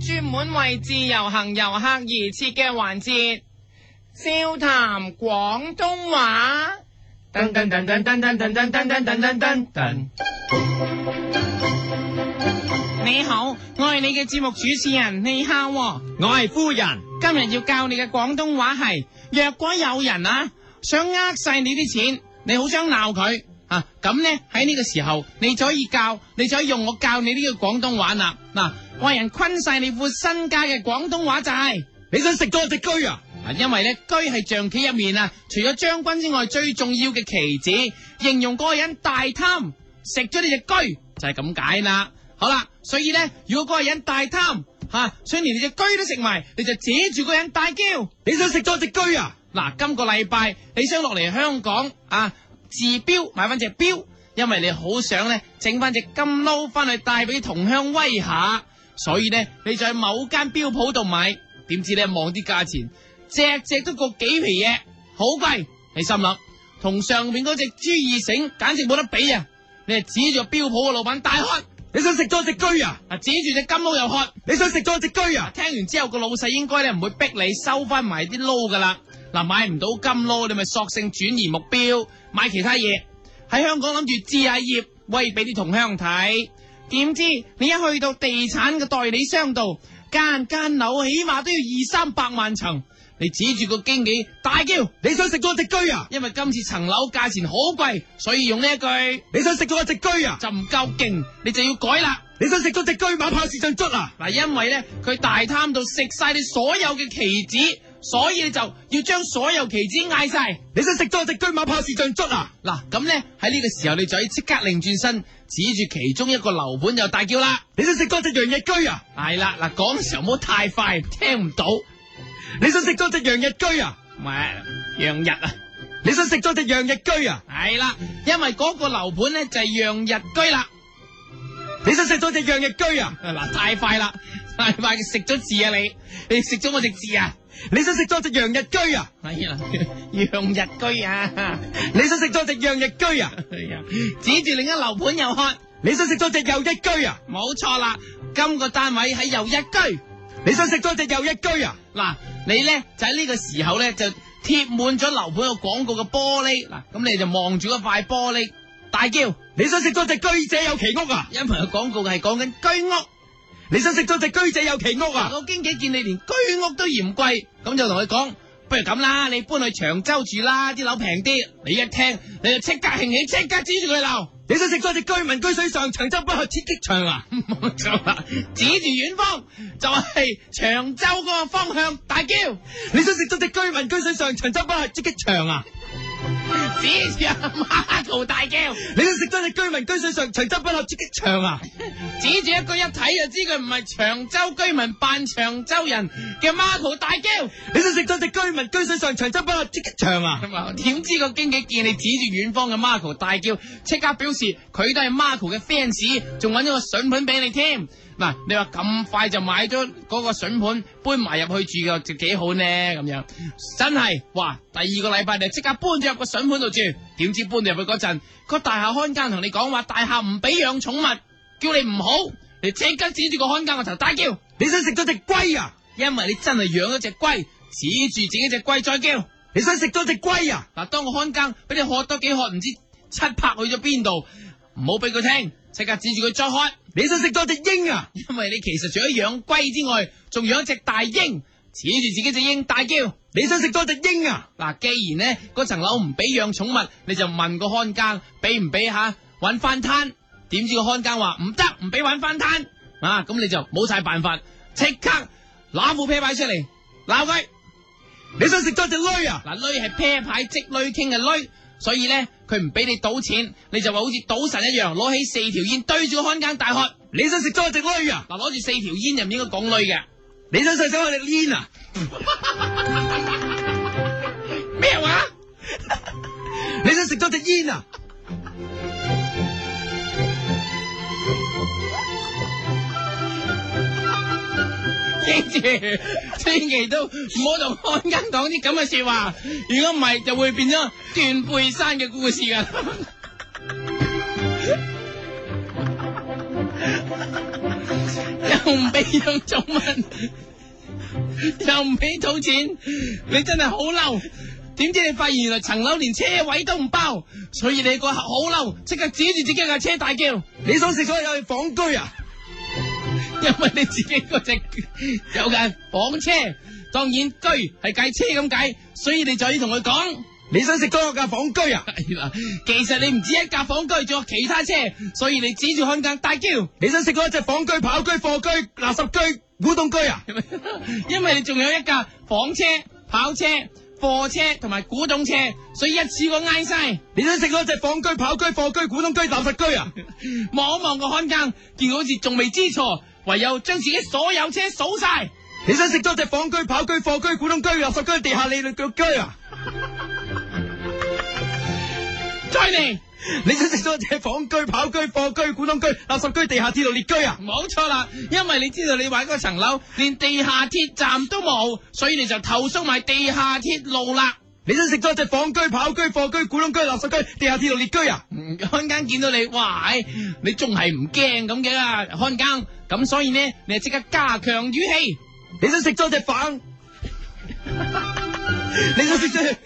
專門為自由行遊客而設嘅環節，笑談廣東話。噔噔噔噔噔噔噔噔噔噔噔噔。你好，我係你嘅節目主持人你好哦。我係夫人，今日要教你嘅廣東話係：若果有人啊想呃晒你啲錢，你好想鬧佢啊咁呢，喺呢個時候，你就可以教，你就可以用我教你呢個廣東話啦嗱。啊話人坤晒你副身家嘅廣東話就係、是，你想食咗隻車啊？啊，因為咧車係象棋入面啊，除咗將軍之外，最重要嘅棋子，形容嗰個人大貪，食咗呢隻車就係、是、咁解啦。好啦，所以咧，如果嗰個人大貪吓、啊，所以連你隻車都食埋，你就指住嗰個人大叫、啊啊，你想食咗隻車啊？嗱，今個禮拜你想落嚟香港啊？自標買翻隻表，因為你好想咧整翻隻金撈翻去帶俾同鄉威下。所以咧，你就喺某間錶舖度買，點知咧望啲價錢，隻隻都個幾皮嘢，好貴。你心諗，同上面嗰隻豬二醒，簡直冇得比啊！你係指住錶舖嘅老闆大喝：你想食咗隻車啊！嗱，指住隻金勞又喝：你想食咗隻車啊！聽完之後，個老細應該咧唔會逼你收翻埋啲勞㗎喇。嗱，買唔到金勞，你咪索性轉移目標，買其他嘢。喺香港諗住置下業，威俾啲同鄉睇。點知你一去到地產嘅代理商度，間間樓起碼都要二三百萬層，你指住個經紀大叫：你想食咗隻車啊！因為今次層樓價錢好貴，所以用呢一句：你想食咗隻車啊，就唔夠勁，你就要改啦！你想食咗隻車，馬炮是就卒啊！嗱，因為咧佢大貪到食晒你所有嘅棋子。所以你就要將所有棋子嗌晒，你想食多隻車馬炮士象卒啊？嗱、啊，咁咧喺呢個時候你就要即刻擰轉身，指住其中一個樓盤就大叫啦！你想食多隻洋日居啊？係、啊、啦，嗱、啊，講嘅時候唔好太快，聽唔到。你想食多隻洋日居啊？唔係洋日啊？ 你想食多隻洋日居啊？係、啊、啦、啊，因為嗰個樓盤咧就係、是、洋日居啦。你想食咗隻洋日居啊？嗱，太快啦，太快食咗字啊！你，你食咗我隻字啊！你想食咗隻洋日居啊？係啦，洋日居啊！你想食咗隻洋日居啊？係啊，指住另一樓盤，又開， 你想食咗隻又一居啊？冇錯啦，今個單位喺又一居， 你想食咗隻又一居啊？嗱，你咧就喺呢個時候咧就貼滿咗樓盤個廣告嘅玻璃，嗱，咁你就望住嗰塊玻璃。大叫！你想食咗隻居者有其屋啊？有朋友廣告係講緊居屋，你想食咗隻居者有其屋啊？我經紀見你連居屋都嫌貴，咁就同佢講，不如咁啦，你搬去長洲住啦，啲樓平啲。你一聽，你就即刻興起，即刻指住佢鬧。你想食咗隻居民居水上長洲北去刺激場啊？ 指住遠方就係長洲個方向，大叫！你想食咗隻居民居水上長洲北去刺激場啊？指住 Marco 大叫，你都食咗只居民居水上長洲不落即刻長啊？ 指住一句一睇就知佢唔係長洲居民扮長洲人嘅 Marco 大叫，你都食咗只居民居水上長洲不落即刻長啊？點知個經紀見你指住遠方嘅 Marco 大叫，即刻表示佢都係 Marco 嘅 fans，仲搵咗個筍盤俾你添。嗱、啊，你話咁快就買咗嗰個筍盤，搬埋入去住嘅就幾好呢？咁樣真係，哇！第二個禮拜就即刻搬咗入個筍盤度住，點知搬入去嗰陣，個大廈看更同你講話，大廈唔俾養寵物，叫你唔好，你即刻指住個看更個頭大叫，你想食咗隻龜啊？因為你真係養咗隻龜，指住自己隻龜再叫，你想食咗隻龜啊？嗱、啊，當個看更俾你喝多幾喝，唔知七魄去咗邊度，唔好俾佢聽。即刻指住佢再開，你想食多隻鷹啊？因為你其實除咗養龜之外，仲養隻大鷹，指住自己隻鷹大叫，你想食多隻鷹啊？嗱，既然呢嗰層樓唔俾養寵物，你就問個看更俾唔俾吓？玩翻攤？點知個看更話唔得，唔俾玩翻攤啊？咁你就冇晒辦法，即刻攞副啤牌出嚟，鬧鬼！你想食多隻女啊？嗱，女係啤牌積女傾嘅女。所以咧，佢唔俾你賭錢，你就話好似賭神一樣，攞起四條煙對住個看更大喝，你想食咗隻龜啊？嗱，攞住四條煙就唔應該講女嘅，你想食死我隻煙啊？咩話 麼？ 你想食咗隻煙啊？跟住千祈都唔好同安欣講啲咁嘅說話，如果唔係，就會變咗斷背山嘅故事噶。 又唔俾上作文，又唔俾討錢，你真係好嬲！點知你發現原來層樓連車位都唔包，所以你嗰刻好嬲，即刻指住自己架車大叫：你想食咗又去房居啊！因為你自己嗰只有架房車，當然居係計車咁計，所以你就要同佢講，你想食多架房居啊？啦，其實你唔止一架房居，仲有其他車，所以你指住看更大叫，你想食多一隻房居、跑居、貨居、垃圾居、古董居啊？ 因為你仲有一架房車、跑車、貨車同埋古董車，所以一次過嗌晒，你想食多一隻房居、跑居、貨居、古董居、垃圾居啊？望 一望個看更，見好似仲未知錯。唯有將自己所有車數晒，你想食咗隻房居、跑居、貨居、古東居、垃圾居、地下利率劣居啊？Johnny，你想食咗隻房居、跑居、貨居、古東居、垃圾居、地下鐵路列居啊？冇錯啦，因為你知道你買嗰層樓連地下鐵站都冇，所以你就投訴埋地下鐵路啦。你想食咗隻房居、跑居、貨居、古董居、垃圾居、地下鐵路列居啊？嗯、看更見到你，喂，你仲係唔驚咁嘅啊？看更咁，所以呢，你就即刻加強語氣。你想食咗隻房？ 你想食咗隻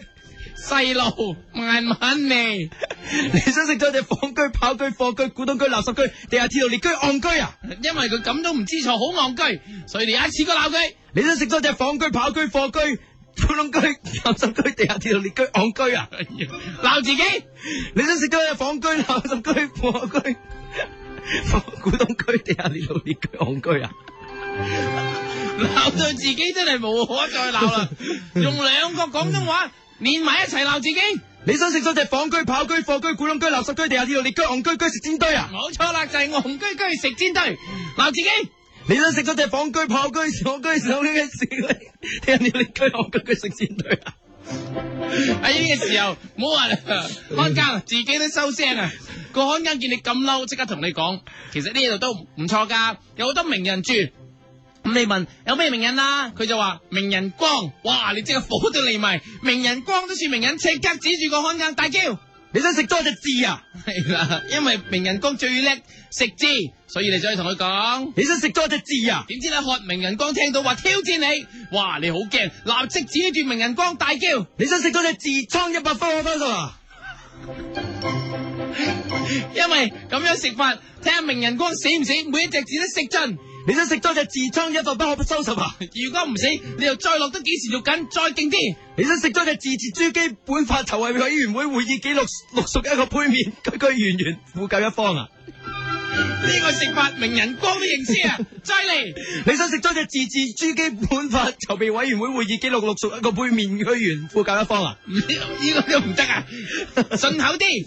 細路慢慢嚟？ 你想食咗隻房居、跑居、貨居、古董居、垃圾居、地下鐵路列居、戇居啊？ 因為佢咁都唔知錯，好戇居，所以你一次過鬧佢。你想食咗隻房居、跑居、貨居？古董居、垃圾居、地下鐵路列居、戇居啊！鬧自己，你想食咗隻房居、垃圾居、破居、古董居、地下鐵路列居、戇居啊？鬧到自己真係無可再鬧啦！用兩個廣東話連埋一齊鬧自己，你想食咗隻房居、跑居、貨居、古董居、垃圾居、地下鐵路列居、戇居、居食煎堆啊？冇錯啦，就係戇居居食煎堆，鬧自己。你都食咗只房居炮居守居守呢個時咧，聽你呢居炮居居食戰隊啊！喺呢個時候，唔好話看更自己都收聲啊！個看更見你咁嬲，即刻同你講，其實呢度都唔錯噶，有好多名人住。咁你問有咩名人啦，啊？佢就話名人光，哇！你即刻火都嚟埋，名人光都算名人，即刻指住個看更大叫。你想食多隻字啊？係啦，因為名人光最叻食字，所以你就可以同佢講，你想食多隻字啊？點知咧，喝名人光聽到話挑戰你，哇！你好驚，立即指住名人光大叫：你想食多隻字，冲一百科科！ 」因為咁樣食法，睇下名人光死唔死，每一隻字都食盡。你想食多隻痔瘡，一發不可不收拾啊！如果唔死，你又再落得幾時要緊？再勁啲， 你想食多隻自治豬基本法籌備委員會會議記錄錄熟一個杯麵，句句圓圓，護教一方啊！呢 個食法，名人光都認識啊！再嚟！ 你想食多隻自治豬基本法籌備委員會會議記錄錄熟一個杯麵，句圓護教一方 啊？呢個都唔得啊！順口啲。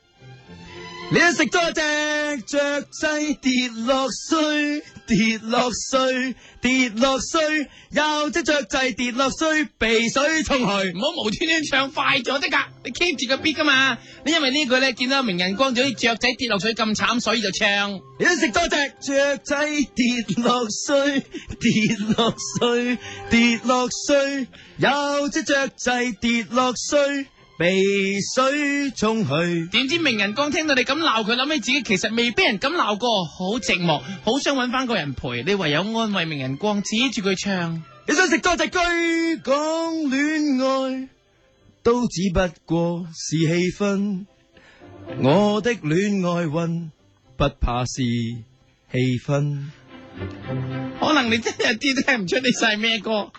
你都食多隻雀仔跌落水，跌落水，跌落水，又隻雀仔跌落水，被水沖去。唔好無端端唱快咗得噶，你 keep 住個 beat 噶嘛。你因為呢句咧，見到名人光咗啲雀仔跌落水咁慘，所以就唱。你都食多隻雀仔跌落水，跌落水，跌落水，又隻雀仔跌落水。被水沖去，點知名人光聽到你咁鬧佢，諗起自己其實未俾人咁鬧過，好寂寞，好想搵翻個人陪。你唯有安慰名人光，指住佢唱：你想食多隻雞，講戀愛都只不過是氣氛，我的戀愛運不怕是氣氛。可能你真係有啲都聽唔出你晒咩歌，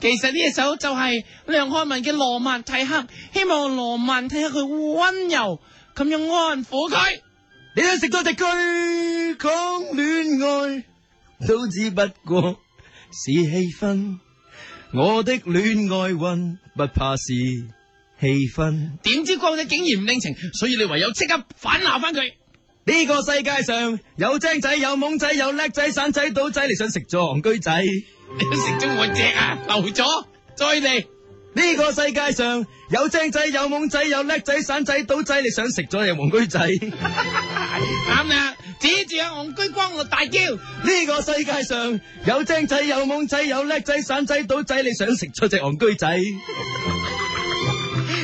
其實呢首就係梁漢文嘅《羅曼蒂克》，希望羅曼蒂克佢溫柔咁樣安撫佢。 你隻戀，都食多隻句講戀愛都只不過係氣氛，我的戀愛運不怕是氣氛，點知光仔竟然唔領情，所以你唯有即刻反鬧翻佢。呢個世界上有精仔、有懵仔、有叻仔、散仔、賭仔，你想食咗戇居仔？你想食咗 我只啊，留咗再嚟。呢個世界上有精仔、有懵仔、有叻仔、散仔、賭仔，仔，你想食咗隻戇居仔？啱啦，指住阿戇居光我大叫。呢個世界上有精仔、有懵仔、有叻仔、散仔、賭仔，你想食咗隻戇居仔？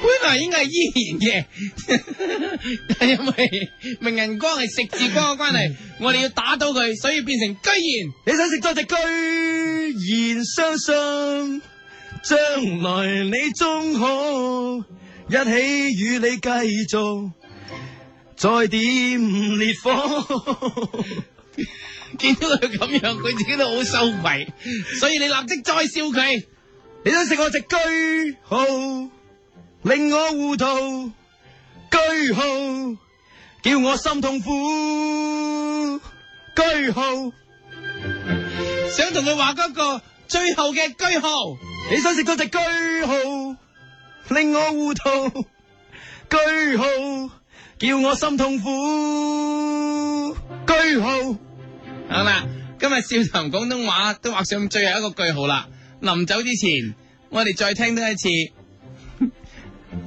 本來應該係依然嘅， 但係因為明人光係食字光嘅關係， 我哋要打倒佢，所以變成居然。你想食多隻居然？相信將來你終可一起與你繼續再點烈火。 見到佢咁樣，佢自己都好羞愧，所以你立即再笑佢。 你想食我隻居好。令我糊塗，句號，叫我心痛苦，句號，想同佢畫嗰個最後嘅句號，你想食嗰隻句號？令我糊塗，句號，叫我心痛苦，句號，好啦，今日笑談廣東話都畫上最後一個句號啦。臨走之前，我哋再聽多一次。